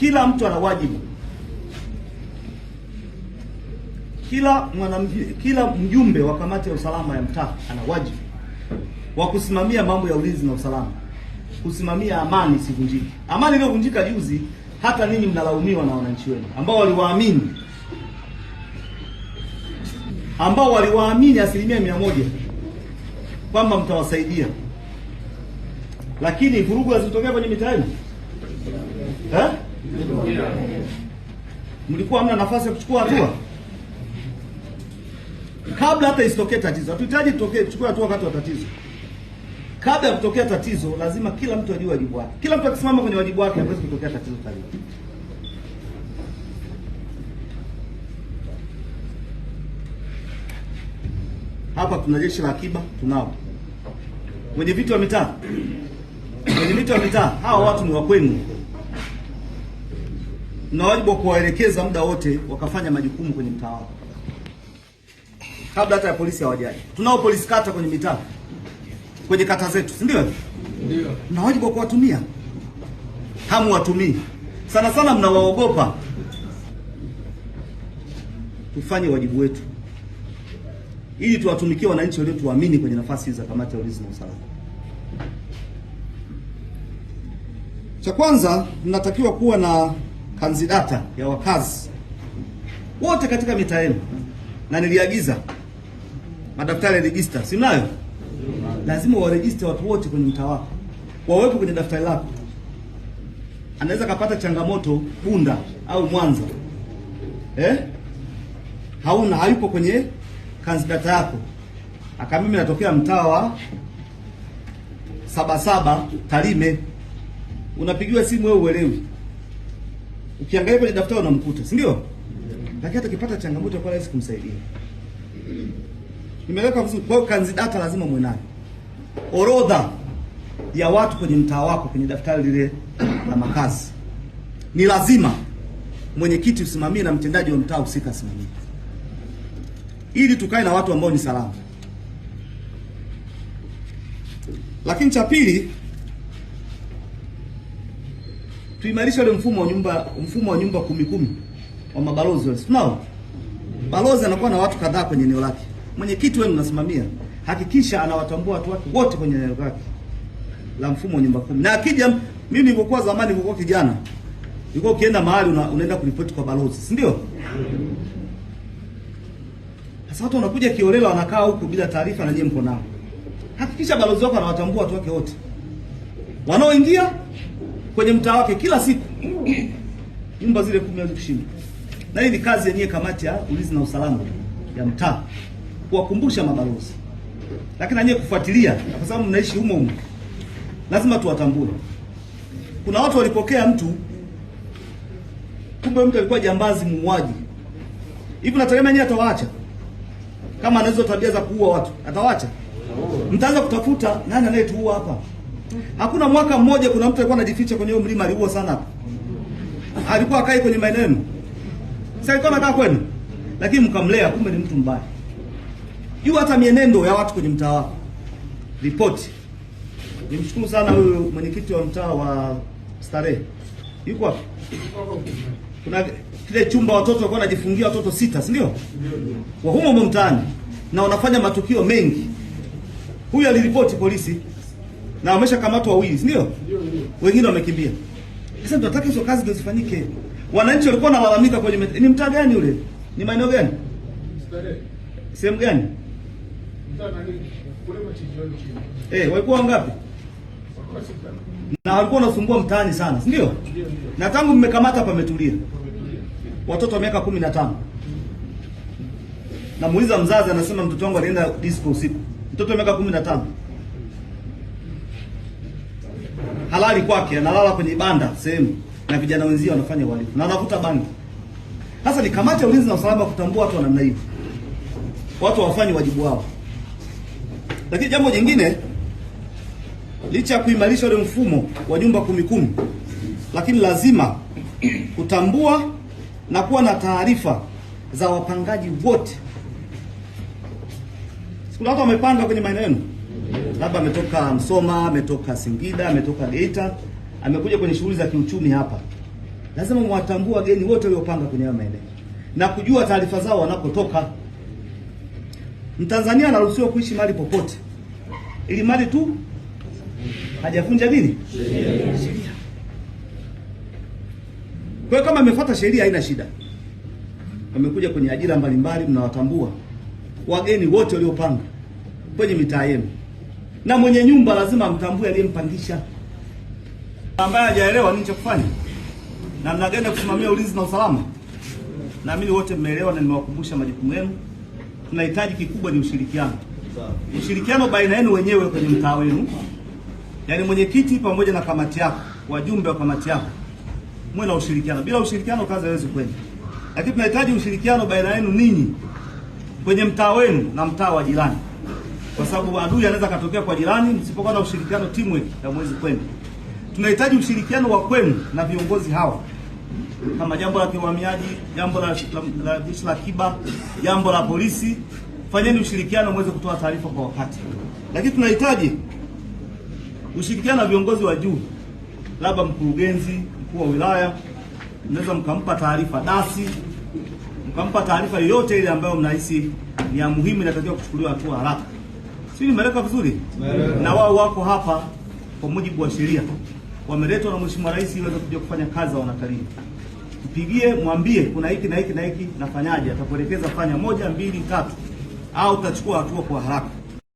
Kila mtu ana wajibu, kila mwanamji, kila mjumbe wa kamati ya usalama ya mtaa ana wajibu wa kusimamia mambo ya ulinzi na usalama, kusimamia amani sivunjike. Amani iliyovunjika juzi, hata ninyi mnalaumiwa na wananchi wenu ambao waliwaamini, ambao waliwaamini asilimia mia moja kwamba mtawasaidia, lakini vurugu hazitokea kwenye mitaa yenu eh? Mlikuwa hamna nafasi ya kuchukua hatua kabla hata isitokee tatizo. Hatuhitaji tutokee hatua wakati wa tatizo. Kabla ya kutokea tatizo, lazima kila mtu ajue wajibu wake. Kila mtu akisimama kwenye wajibu wake, hawezi kutokea tatizo tayari. Hapa tuna jeshi la akiba, tunao viti wa mitaa, viti wa mitaa. Hawa watu ni wa kwenu mna wajibu wa kuwaelekeza muda wote wakafanya majukumu kwenye mtaa wao kabla hata ya polisi hawajaji Tunao polisi kata kwenye mitaa, kwenye kata zetu, si ndio? Ndio. Mna wajibu wa kuwatumia, hamu watumii sana sana, mnawaogopa. Tufanye wajibu wetu ili tuwatumikie wananchi waliotuamini kwenye nafasi za kamati ya ulinzi na usalama. Cha kwanza mnatakiwa kuwa na data ya wakazi wote katika mitaa yenu, na niliagiza madaftari ya register, si mnayo? Lazima warejiste watu wote kwenye mtaa wako, wawepo kwenye daftari lako. Anaweza kapata changamoto Bunda au Mwanza eh? hauna hayupo kwenye data yako, akaambia mimi natokea mtaa wa Sabasaba Tarime, unapigiwa simu wewe uelewi Ukiangalia kwenye daftari unamkuta, si ndio? Lakini hata ukipata changamoto kwa rais kumsaidia. Nimeweka vizuri. Kwa hiyo kanzidata lazima muwe nayo, orodha ya watu kwenye mtaa wako kwenye daftari lile la makazi. Ni lazima mwenyekiti usimamie na mtendaji wa mtaa husika asimamie, ili tukae na watu ambao ni salama. Lakini cha pili tuimarishe ule mfumo wa nyumba mfumo wa nyumba kumi kumi wa mabalozi wale. Tunao. Balozi anakuwa na watu kadhaa kwenye eneo lake. Mwenyekiti wewe unasimamia, hakikisha anawatambua watu wake wote kwenye eneo lake la mfumo wa nyumba kumi. Na akija mimi nilipokuwa zamani nilipokuwa kijana nilikuwa ukienda mahali una, unaenda kuripoti kwa balozi, si ndio? Sasa watu wanakuja kiolela wanakaa huku bila taarifa na nyinyi mko nao. Hakikisha balozi wako anawatambua watu wake wote. Wanaoingia kwenye mtaa wake kila siku nyumba zile kumi hazikushindwa. Na hii ni kazi yenyewe kamati ya ulinzi na usalama ya mtaa kuwakumbusha mabalozi, lakini nanyewe kufuatilia, kwa sababu mnaishi humo humo, lazima tuwatambue. Kuna watu walipokea mtu, kumbe mtu alikuwa jambazi, muuaji. Hivi nategemea yeye atawaacha? Kama anazo tabia za kuua watu, atawaacha? Mtaanza kutafuta nani anayetuua hapa. Hakuna mwaka mmoja kuna mtu alikuwa anajificha kwenye mlima aliua sana hapo. Alikuwa akai kwenye maeneo yenu. Sasa alikuwa anakaa kwenu. Lakini mkamlea kumbe ni mtu mbaya. Jua hata mienendo ya watu kwenye mtaa wako. Ripoti. Nimshukuru sana huyu mwenyekiti wa mtaa wa Starehe. Yuko wapi? Kuna kile chumba watoto walikuwa wanajifungia watoto sita, si ndio? Wa humo mtaani na wanafanya matukio mengi. Huyu aliripoti polisi na wameshakamatwa wawili, si ndio? Wengine wamekimbia. Sasa tunataka hizo kazi ndio zifanyike. Wananchi walikuwa wanalalamika kwenye ni mtaa gani ule? Ni maeneo gani? Sehemu gani? Kule chini. Eh, walikuwa wangapi? Na walikuwa wanasumbua mtaani sana, si ndio? Na tangu mmekamata pametulia. Watoto wa miaka 15. Namuuliza mzazi anasema mtoto wangu alienda disco usiku. Mtoto wa miaka 15 halali kwake, analala kwenye banda sehemu na vijana wenzio wanafanya uhalifu na anavuta bangi. Sasa ni kamati ya ulinzi na usalama kutambua watu wa namna hiyo, watu wafanye wajibu wao. Lakini jambo jingine, licha ya kuimarisha ule mfumo wa nyumba kumi kumi, lakini lazima kutambua na kuwa na taarifa za wapangaji wote. Siku watu wamepanga kwenye maeneo yenu labda ametoka Msoma, ametoka Singida, ametoka Geita, amekuja kwenye shughuli za kiuchumi hapa, lazima mwatambue wageni wote waliopanga kwenye hayo maeneo na kujua taarifa zao wanakotoka. Mtanzania anaruhusiwa kuishi mahali popote, ili mali tu hajavunja nini sheria. Kwa hiyo kama amefuata sheria haina shida. Wamekuja kwenye ajira mbalimbali, mnawatambua wageni wote waliopanga kwenye mitaa yenu na mwenye nyumba lazima amtambue aliyempangisha. Ambaye hajaelewa nini cha kufanya, namna gani ya kusimamia ulinzi na usalama, naamini wote mmeelewa na nimewakumbusha majukumu yenu. Tunahitaji kikubwa ni ushirikiano, ushirikiano baina yenu wenyewe kwenye mtaa wenu, yaani mwenyekiti pamoja na kamati yako, wajumbe wa kamati yako, mwe na ushirikiano. Bila ushirikiano kazi haiwezi kwenda, lakini tunahitaji ushirikiano baina yenu ninyi kwenye mtaa wenu na mtaa wa jirani kwa sababu adui anaweza akatokea kwa jirani. Msipokuwa na ushirikiano, teamwork, mwezi kwenu. Tunahitaji ushirikiano wa kwenu na viongozi hawa, kama jambo la kiwahamiaji, jambo la jeshi la akiba, jambo la polisi. Fanyeni ushirikiano mweze kutoa taarifa kwa wakati, lakini tunahitaji ushirikiano na viongozi wa juu, labda mkurugenzi mkuu wa wilaya, mnaweza mkampa taarifa dasi, mkampa taarifa yoyote ile ambayo mnahisi ni ya muhimu, inatakiwa kuchukuliwa hatua haraka si nimeleka vizuri, na wao wako hapa kwa mujibu wa sheria, wameletwa na mheshimiwa rais waweze kuja kufanya kazi za wanakarimu. Mpigie mwambie kuna hiki na hiki na hiki nafanyaje, atakuelekeza fanya moja mbili tatu, au utachukua hatua kwa haraka.